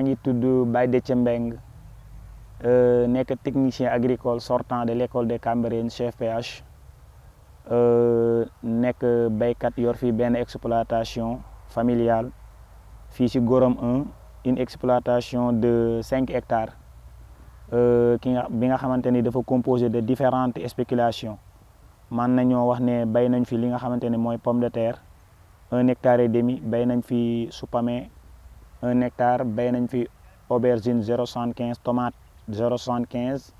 maa ngi tudd Baye Déthié Mbengue euh, nekk technicien agricole sortant de lécole école de Cambérène CFPH euh, nekk baykat yor fii benn exploitation familiale fii si Gorom un une exploitation de cinq hectares euh, ki nga bi nga xamante ni dafa composé de différentes spéculations man nañoo wax ne bay nañ fi li nga xamante ne mooy pomme de terre un hectare et demi bay nañ fi supame un hectare béy nañ fi aubergine zéro quinze tomate zéro soixante quinze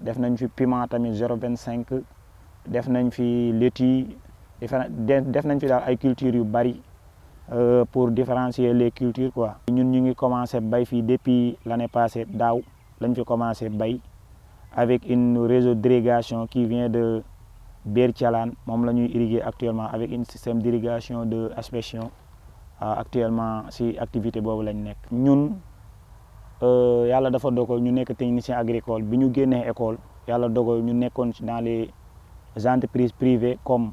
def nañ fi piment tamit zéro vingt cinq def nañ fi laitue def nañ fi daal ay cultures yu bari euh, pour différencier les cultures quoi. ñun ñu ngi commencé bay fii depuis l'année passée daaw lañ fi commencé bay avec une réseau d'irrigation qui vient de Bertialan moom la ñuy irriguer actuellement avec une système d'irrigation de aspersion Euh, actuellement si activité boobu lañ nekk. ñun euh, yàlla dafa dogal ñu nekk technicien agricole bi ñu génnee école yàlla dogal ñu nekkoon dans les entreprises privées comme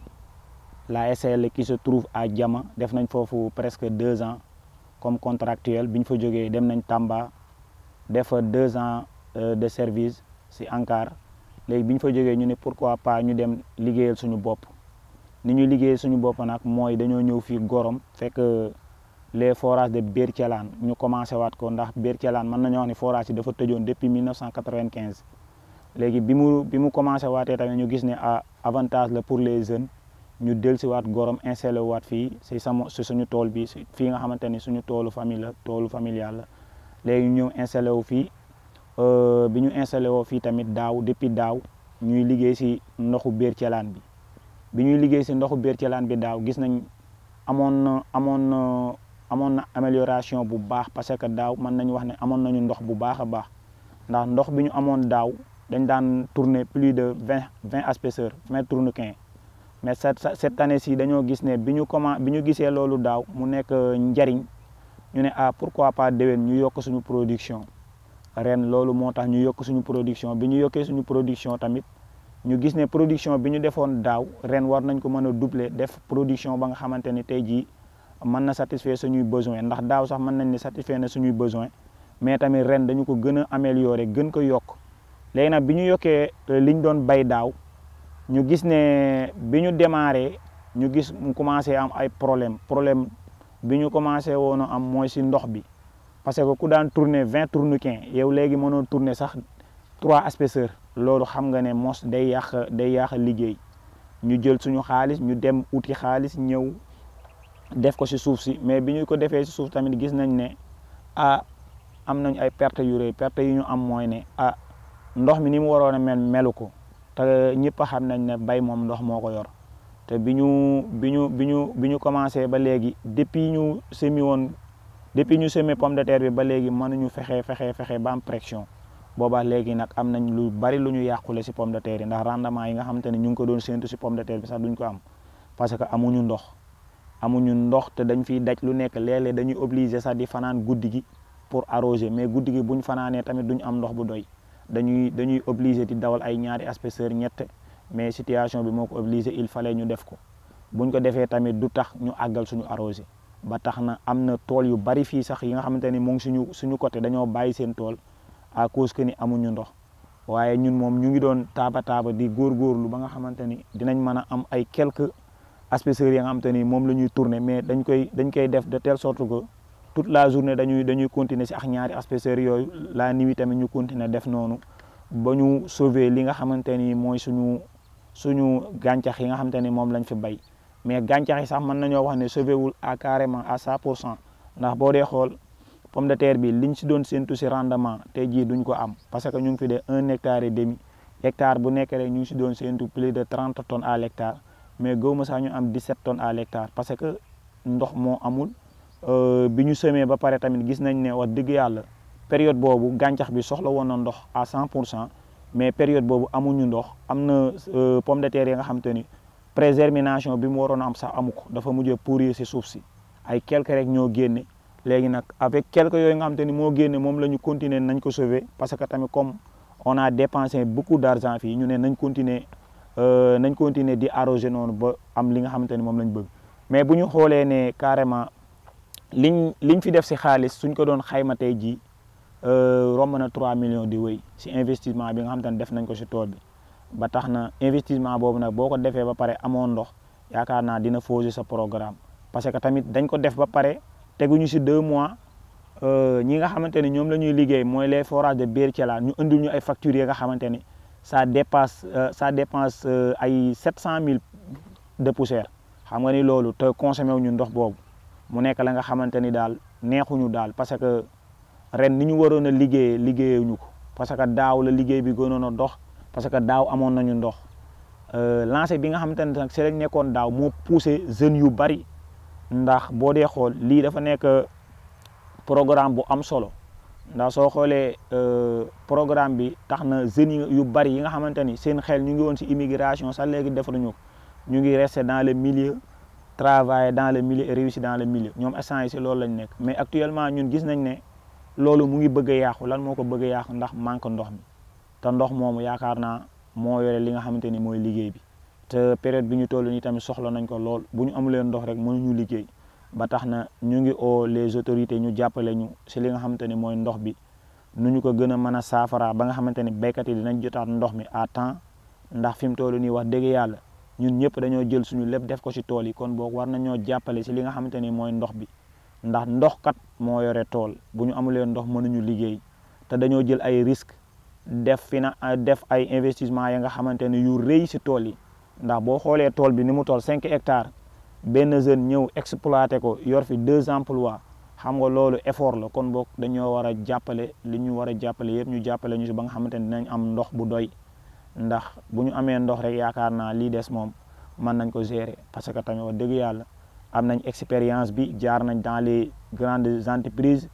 la SL qui se trouve à jama def nañ foofu presque deux ans comme contractuel bi ñu fa jógee dem nañ Tamba defa fa deux ans euh, de service si ANCAR léegi bi ñu fa jógee ñu ne pourquoi pas ñu dem liggéeyal suñu bopp. ni ñuy liggéey suñu bopp nag mooy dañoo ñëw fii Gorom fekk euh, les forage de Berthialane ñu commencé waat ko ndax Berthialane mën nañu wax ni forage yi dafa tëjoon depuis 1995 léegi bi mu bi mu commencé waatee tamit ñu gis ni à ah, avantage la pour les jeunes ñu dellusi waat Gorom installé waat fii si sama si suñu tool bi fii nga xamante ni suñu toolu famille la toolu familial la léegi ñu ñëw installé wu fii euh, bi ñu installé woo fii tamit daaw depuis daaw ñuy liggéey si ndoxu Berthialane bi bi ñuy liggéey si ndoxu Bertilaan bi daaw gis nañ amoon na amoon amoon na amélioration bu baax parce que daaw mën nañu wax ne amoon nañu ndox bu baax a baax ndax ndox bi ñu amoon daaw dañ daan tourner plus de vingt vingt asperseurs vingt tourniquets mais cette année ci dañoo gis ne bi ñu comment bi ñu gisee loolu daaw mu nekk euh, njariñ ñu ne ah pourquoi pas déwén ñu yokk suñu production ren loolu moo tax ñu yokk suñu production bi ñu yokkee suñu production tamit ñu gis ne production bi ñu defoon daaw ren war nañ ko mën a doubler def production ba nga xamante ni tey jii mën na satisfaire suñuy besoin ndax daaw sax mën nañ ne satisfaire na suñuy besoin mais tamit ren dañu ko gën a améliorer gën ko yokk léegi nag bi ñu yokkee euh, liñ doon bay daaw ñu gis ne bi ñu démarré ñu gis mu commencé am ay problème problème bi ñu commencé woon a am mooy si ndox bi parce que ku daan tourner vingt tourniquets yow léegi mënoo tourner sax trois aspecceurs loolu xam nga ne mos day yàq day yàq liggéey ñu jël suñu xaalis ñu dem uti xaalis ñëw def ko si suuf si mais bi ñu ko defee si suuf tamit gis nañ ne ah am nañ ay perte yu rëy perte yu ñu am mooy ne ah ndox mi ni mu waroon a mel melu ko te ñëpp xam nañ ne bay moom ndox moo ko yor te bi ñu bi ñu bi ñu bi ñu commencé ba léegi depuis ñu semi woon depuis ñu semi pomme de terre bi ba léegi mënuñu fexe fexe fexe ba am pression. boobaa léegi nag am nañ lu bari lu ñu yàqule si pomme de terre yi ndax rendement yi nga xamante ne ñu ngi ko doon séntu si pomme de terre bi sax duñ ko am parce que amuñu ndox amu ñu ndox te dañ fi daj lu nekk léeg dañuy obligé sax di fanaan guddi gi pour arroser mais guddi gi buñ fanaanee tamit duñ am ndox bu doy dañuy dañuy obligé di dawal ay ñaari asperseur ñett mais situation bi moo ko obligé il fallait ñu def ko buñ ko defee tamit du tax ñu àggal suñu arrosé ba tax na am na tool yu bari fii sax yi nga xamante ne mu ngi suñu suñu côté dañoo bàyyi seen tool à cause que ni amuñu ndox waaye ñun moom ñu ngi doon taaba taaba di góorgóorlu ba nga xamante ni dinañ mën a am ay quelques asperseurs yi nga xamante ni moom la ñuy tourner mais dañ koy dañ koy def de telle sorte que tout la journée dañuy dañuy continuer si ak ñaari asperseurs yooyu la nuit tamit ñu continuer def noonu ba ñu sauver li nga xamante ni mooy suñu suñu gàncax yi nga xamante ni moom lañ fi bay mais gàncax yi sax mën nañoo wax ne sauver wul à carrément à cent pour cent ndax boo dee xool pomme de terre bi liñ si doon séntu si rendement tey jii duñ ko am parce que ñu ngi fi de un hectare et demi hectare bu nekk rek ñu ngi si doon séntu plus de trente ton à l'hectare mais gëw ma sax ñu am dix-sept tonnes à l'hectare parce que ndox moo amul euh, bi ñu semee ba pare tamit gis nañ ne wax dëgg yàlla période boobu gàncax bi soxla woon na ndox à cent pour cent mais période boobu amuñu ndox am na euh, pomme de terre yi nga xam te ni présermination bi mu waroon am sax amu ko dafa mujjee pourrir si suuf si ay quelque ñoo génne. léegi nag avec quelques yooyu nga xam te ni moo génne moom lañu ñu nañ ko sauver parce que tamit comme on a dépensé beaucoup d' argent fii ñu ne nañ continuer euh, nañ continuer di arroser noonu ba am li nga xamante ni moom lañ bëgg mais bu ñu xoolee ne carrément liñ liñ fi def si xaalis suñ ko doon xayma tey jii euh, romb na 3 millions di wéy si investissement bi nga xamante ni def nañ ko si tool bi ba tax na investissement boobu nag boo ko defee ba pare amoon ndox yaakaar naa dina fausser sa programme pare. teguñu si deux mois euh, ñi nga xamante ne ñoom la ñuy liggéey mooy les forages de Birkelane ñu indil ñu ay factures nga xamante ne ça dépasse euh, ça dépense euh, ay sept cent mille de poussière xam nga ni loolu te consommé wu ñu ndox boobu mu nekk la nga xamante ni daal neexuñu daal parce que ren ni ñu waroon a liggéeyee liggéeyuñu ko parce que daaw la liggéey bi gënoon a dox parce que daaw amoon nañu ndox lance bi nga xamante ne nekkoon daaw moo poussé jeunes yu bari ndax boo dee xool lii dafa nekk euh, programme bu am solo ndax soo xoolee euh, programme bi tax na jeunes yu bari yi nga xamante ni seen xel ñu ngi woon si immigration sax léegi defaruñu ñu ngi rester dans le milieu travailler dans le milieu et réussir dans le milieu ñoom instant yi loolu lañ nekk mais actuellement ñun gis nañ ne loolu mu ngi bëgg a lan moo ko bëgg a yàqu ndax manque ndox mi te ndox moomu yaakaar naa moo yore li nga xamante ni mooy liggéey bi te période bi ñu toll nii tamit soxla nañ ko lool bu ñu amulee ndox rek mënuñu liggéey ba tax na ñu ngi oo les autorités ñu jàppale ñu si li nga xamante ni mooy ndox bi nu ñu ko gën a mën a saafara ba nga xamante ni béykat yi dinañ jotaat ndox mi à temps ndax fi mu toll nii wax dëgg yàlla ñun ñëpp dañoo jël suñu lépp def ko si tool yi kon boog war nañoo jàppale si li nga xamante ni mooy ndox bi ndax ndox kat moo yore tool bu ñu amulee ndox mënuñu liggéey te dañoo jël ay risques def fina def ay investissement ya nga xamante ni yu rëy si tool yi ndax boo xoolee tool bi ni mu toll cinq hectares benn jeune ñëw exploité ko yor fi deux emplois xam nga loolu effort la kon boog dañoo war a jàppale li ñu war a jàppale yëpp ñu jàppale ñu si ba nga xamante ne dinañ am ndox bu doy ndax bu ñu amee ndox rek yaakaar naa lii des moom mën nañ ko gérer parce que tamit wax dëgg yàlla am nañ expérience bi jaar nañ dans les grandes entreprises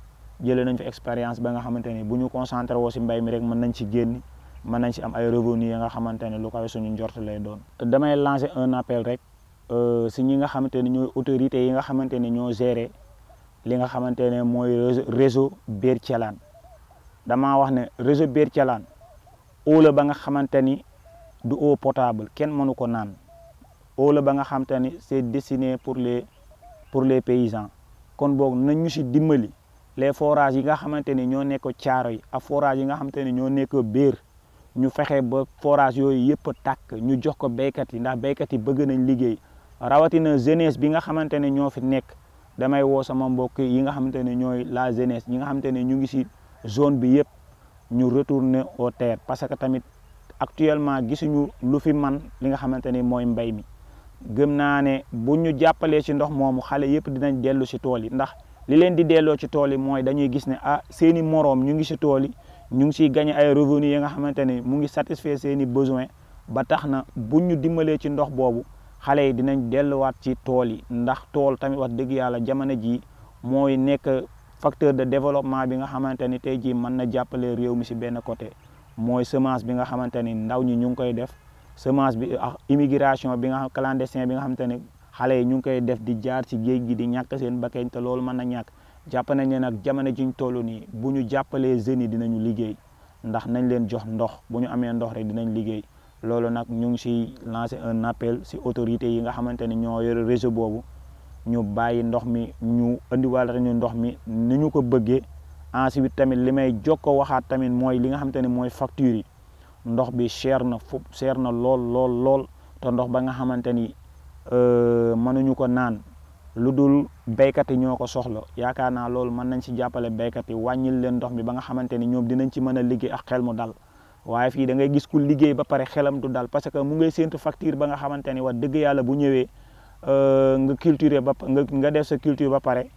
jëlee nañ fa expérience ba nga xamante ne bu ñu concentré woo si mbay mi rek mën nañ ci génn mën nañ si am ay revenu yi nga xamante ne lu kawe suñu njort lay doon. damay lancer un appel rek euh, si ñi nga xamante ne ñooy autorités yi nga xamante ne ñoo gérer li nga xamante ne mooy réseau Bér Thielane dama wax ne réseau Bér Thielane eau ba nga xamante ni du eau potable kenn mënu ko naan eau ba nga xamante ni c'est destiné pour les pour les paysans kon boog nañ ñu si dimbali les forages yi nga xamante ni ñoo nekk caaro yi ak yi nga xamante ni ñoo nekk Bér. ñu fexe ba forage yooyu yëpp takk ñu jox ko béykat yi ndax béykat yi bëgg nañ liggéey rawatina jeunesse bi nga xamante ne ñoo fi nekk damay woo sama mbokk yi nga xamante ne ñooy la jeunesse ñi nga xamante ne ñu ngi si zone bi yëpp ñu retourner aux terres parce que tamit actuellement gisuñu lu fi man li nga xamante ne mooy mbay mi gëm naa ne bu ñu jàppalee si ndox moomu xale yëpp dinañ dellu si tool yi ndax li leen di delloo si tool yi mooy dañuy gis ne ah seeni moroom ñu ngi ci tool yi ñu ngi siy gagné ay revenu yi nga xamante ni mu ngi satisfaire seeni besoin ba tax na bu ñu dimbalee ci ndox boobu xale yi dinañ delluwaat ci tool yi ndax tool tamit wax dëgg yàlla jamono jii mooy nekk facteur de développement bi nga xamante ni tey jii mën na jàppale réew mi si benn côté mooy semence bi nga xamante ni ndaw ñi ñu ngi koy def semence bi ah immigration bi nga clandestin bi nga xamante ni xale yi ñu ngi koy def di jaar si géej gi di ñàkk seen bakkeñ te loolu mën na ñàkk jàpp nañ ne nag jamono jiñ toll nii bu ñu jàppalee jeunes yi dinañu liggéey ndax nañ leen jox ndox bu ñu amee ndox rek dinañ liggéey loolu nag ñu ngi si lancé un appel si autorités yi nga xamante ni ñoo yore réseau boobu ñu bàyyi ndox mi ñu indiwaale ñu ndox mi ni ñu ko bëggee ensuite tamit li may jokkoo waxaat tamit mooy li nga xamante ni mooy facture yi ndox bi cher na fu cher na lool lool lool te ndox ba nga xamante ni euh, mënuñu ko naan. lu dul béykat yi ñoo ko soxla yaakaar naa loolu mën nañ si jàppale béykat yi wàññil leen ndox mi ba nga xamante ni ñoom dinañ ci mën a liggéey ak xel mu dal waaye fii da ngay gis ku liggéey ba pare xelam du dal parce que mu ngay séntu facture ba nga xamante ni wax dëgg yàlla bu ñëwee euh, nga culture ba nga def sa culture ba pare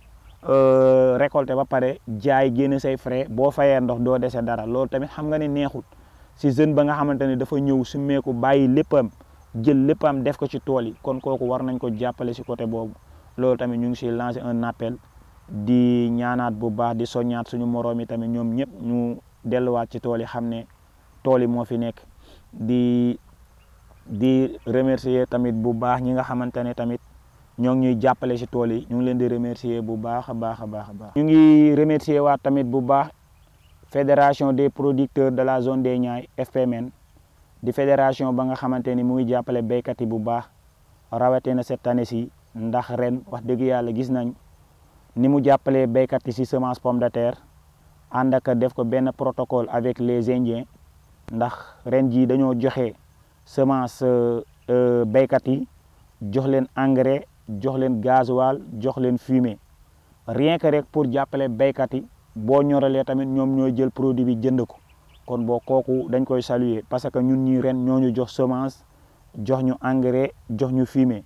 euh, récolter ba pare jaay génn say frais boo fayee ndox doo dese dara loolu tamit xam nga ne neexut si jeune ba nga xamante ni dafa ñëw su meeku bàyyi léppam jël léppam def ko ci tool yi kon kooku war nañ ko jàppale si côté boobu loolu tamit ñu ngi si lancer un appel di ñaanaat bu baax di soññaat suñu moroom yi tamit ñoom ñëpp ñu delluwaat ci tool yi xam ne tool yi moo fi nekk di di remercier tamit bu baax ñi nga xamante ne tamit ñoo ngi ñuy jàppale si tool yi ñu ngi leen di remercier bu baax a a baax a baax. ñu ngi remercier waat tamit bu baax fédération des producteurs de la zone des Niayes FPMN di fédération ba nga xamante ni mu jàppale béykat yi bu baax na cette année si ndax ren wax dëgg yàlla gis nañ ni mu jàppalee béykat yi si semence pomme de terre ànd ak def ko benn protocole avec les indiens ndax ren jii dañoo joxe semence euh, euh, béykat yi jox leen engrais jox leen gasoil jox leen fumier rien que rek pour jàppale béykat yi boo ñoralee tamit ñoom ñoo jël produit bi jënd ko kon boo kooku dañ koy saluer parce que ñun ñi ren ñoo ñu jox semence jox ñu engrais jox ñu fumier.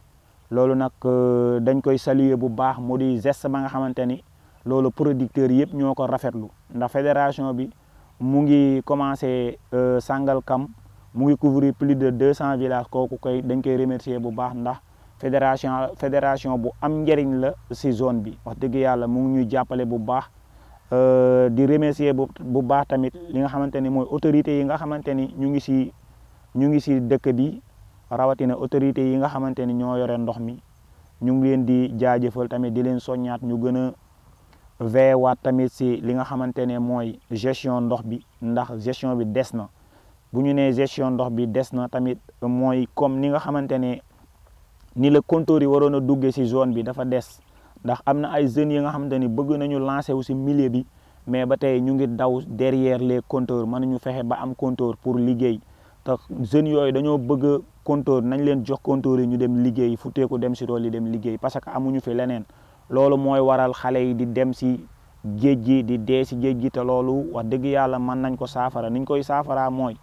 loolu nag euh, dañ koy saluer bu baax mu di geste ba nga xamante ni loolu producteur yëpp ñoo ko rafetlu ndax fédération bi mu ngi commencé euh, kam mu ngi couvrir plus de deux cent villages kooku koy dañ koy remercier bu baax ndax fédération fédération bu am njëriñ la si zone bi wax dëgg yàlla mu ngi ñuy jàppale bu baax euh, di remercier bu bu baax tamit li nga xamante ni mooy autorités yi nga xamante ni ñu ngi si ñu ngi si dëkk bi. rawatina autorités yi nga xamante ni ñoo yore ndox mi ñu ngi leen di jaajëfal tamit di leen soññaat ñu gën a veewaat tamit si li nga xamante ne mooy gestion ndox bi ndax gestion bi des na bu ñu nee gestion ndox bi des na tamit mooy comme ni nga xamante ne ni la contour yi waroon a duggee si zone bi dafa des ndax am na ay jeunes yi nga xamante ni bëgg nañu lancer wu si milieu bi mais ba tey ñu ngi daw derrière les compteurs mënuñu fexe ba am compteur pour liggéey yooyu dañoo compteur nañ leen jox compteur yi ñu dem liggéey fu dem si tool yi dem liggéey parce que amuñu fi leneen loolu mooy waral xale yi di dem si géej gi di dee si géej gi te loolu wax dëgg yàlla mën nañ ko saafara niñ koy saafaraa mooy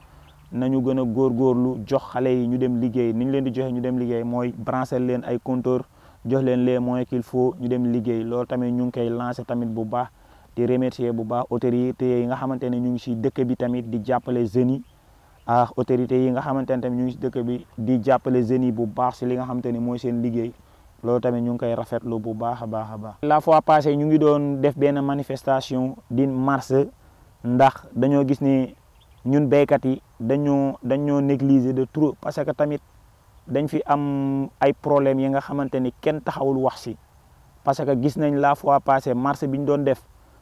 nañu gën a góorgóorlu jox xale yi ñu dem liggéey nuñ leen di joxe ñu dem liggéey mooy brancher leen ay compteur jox leen les moyens qu'il faut ñu dem liggéey loolu tamit ñu ngi koy lancer tamit bu baax di remercier bu baax autorités yi nga xamante ne ñu ngi si dëkk bi tamit di jàppale jeunes yi ah autorités yi nga xamante ne tamit ñu ngi si dëkk bi di jàppale jeunes yi bu baax si li nga xamante ne mooy seen liggéey loolu tamit ñu ngi koy rafetlu bu baax a baax a baax. laa fois passée ñu ngi doon def benn manifestation di marche ndax dañoo gis ne ñun béykat yi dañoo dañoo négliger de trop parce que tamit dañ fi am ay problèmes yi nga xamante ni kenn taxawul wax si parce que gis nañ la fois passée marche bi ñu doon def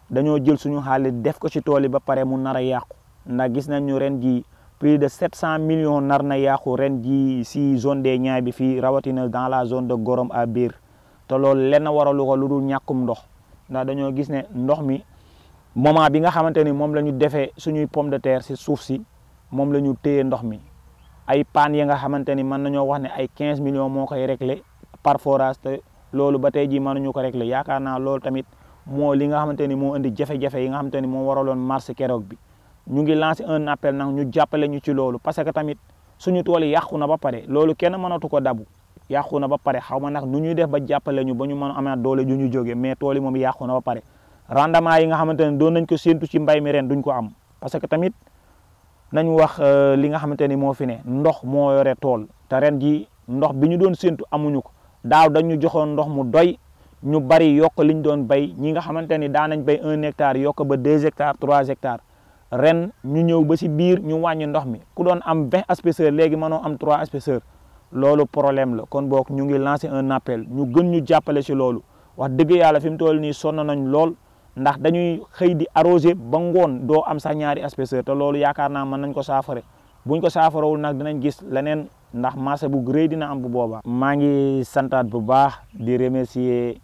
dañoo jël suñu xaalis def ko si tool yi ba pare mu nar a yàqu ndax gis nañ ñu ren jii. plus de 700 millions nar na yàqu ren ji si zone des Niayes bi fii rawatina dans la zone de Gorom à biir te loolu lenn waralu ko lu dul ñàkkum ndox ndax dañoo gis ne ndox mi moment bi nga xamante ni moom la ñu defee suñuy pomme de terre si suuf si moom la ñu téye ndox mi ay paan yi nga xamante ni mën nañoo wax ne ay 15 millions moo koy réglé par te loolu ba tey jii mënuñu ko réglé yaakaar naa loolu tamit moo li nga xamante ni moo indi jafe-jafe yi nga xamante ni moo waraloon marché keroog bi. ñu ngi lancer un appel nag ñu jàppale ñu ci loolu parce que tamit suñu tool yi yàqu na ba pare loolu kenn mënatu ko dabu yàqu na ba pare xaw ma nag nu ñuy def ba jàppale ñu ba ñu mën a amaat doole ju ñu jógee mais tool yi moom yàqu na ba pare rendement yi nga xamante ne doon nañ ko séntu ci mbay mi ren duñ ko am parce que tamit nañ wax euh, li nga xamante ni moo fi ne ndox moo yore tool te ren ji ndox bi ñu doon séntu amuñu ko daaw dañu joxoon ndox mu doy ñu bari yokk liñ doon bay ñi nga xamante ni daan nañ bay un hectare yokk ba deux hectares trois hectares ren ñu ñëw ba si biir ñu wàññi ndox mi ku doon am vingt asperseurs léegi mënoo am trois asperseurs loolu problème la kon book ñu ngi lancé un appel ñu gën ñu jàppale si loolu wax dëgg yàlla fi mu toll nii sonn nañ lool ndax dañuy xëy di arrosé ba ngoon doo am sax ñaari asperseurs te loolu yaakaar naa mën nañ ko saafara buñ ko saafarawul nag dinañ gis leneen ndax marché bu rëy dina am bu boobaa. maa ngi santaat bu baax di remercier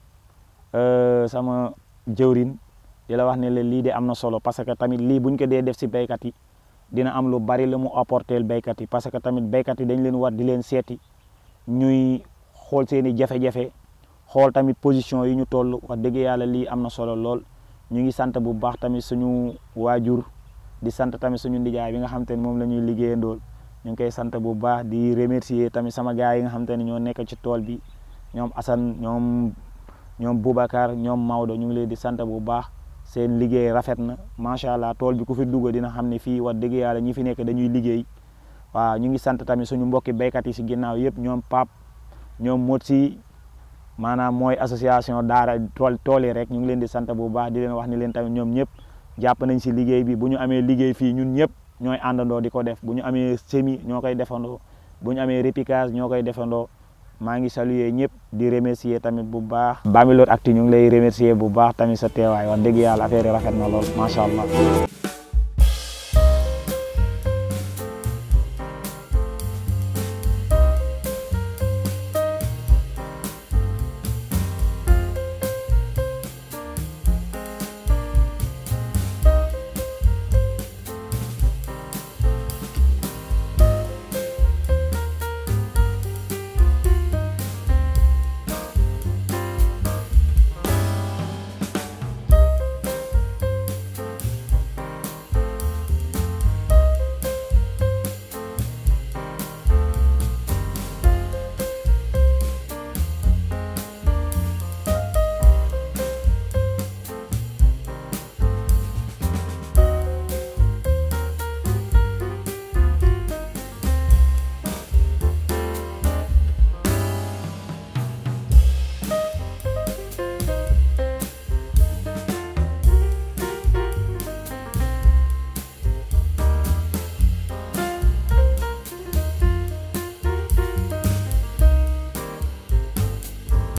euh, sama jëwrin di la wax ne la lii de am na solo parce que tamit lii bu ñu ko dee def si béykat yi dina am lu bari la mu apporter béykat yi parce que tamit béykat yi dañ leen war di leen seeti ñuy xool seen i jafe-jafe xool tamit position yi ñu toll wax dëgg yàlla lii am na solo lool ñu ngi sant bu baax tamit suñu waajur di sant tamit suñu ndijaay bi nga xam te moom la ñuy liggéeyandool ñu ngi koy sant bu baax di remercier tamit sama gars yi nga xam te ne ñoo nekk ci tool bi ñoom Assane ñoom ñoom Boubacar ñoom Maodo ñu ngi leen di sant bu baax seen liggéey rafet na macha allah tool bi ku fi dugg dina xam ni fii wax dëgg yàlla ñi fi nekk dañuy liggéey waaw ñu ngi sant tamit suñu mbokki béykat yi si ginnaaw yëpp ñoom Pape ñoom mot si maanaam mooy association daara tool tool yi rek ñu ngi leen di sant bu baax di leen wax ni leen tamit ñoom ñëpp jàpp nañ si liggéey bi bu ñu amee liggéey fii ñun ñëpp ñooy àndandoo di ko def bu ñu amee semi ñoo koy defandoo bu ñu amee repiquage ñoo koy defandoo maa ngi saluer ñëpp di remercier tamit bu baax Bambilor Actu ñu ngi lay remercier bu baax tamit sa teewaay wax dëgg yàlla affaire yi rafet na lool macha allah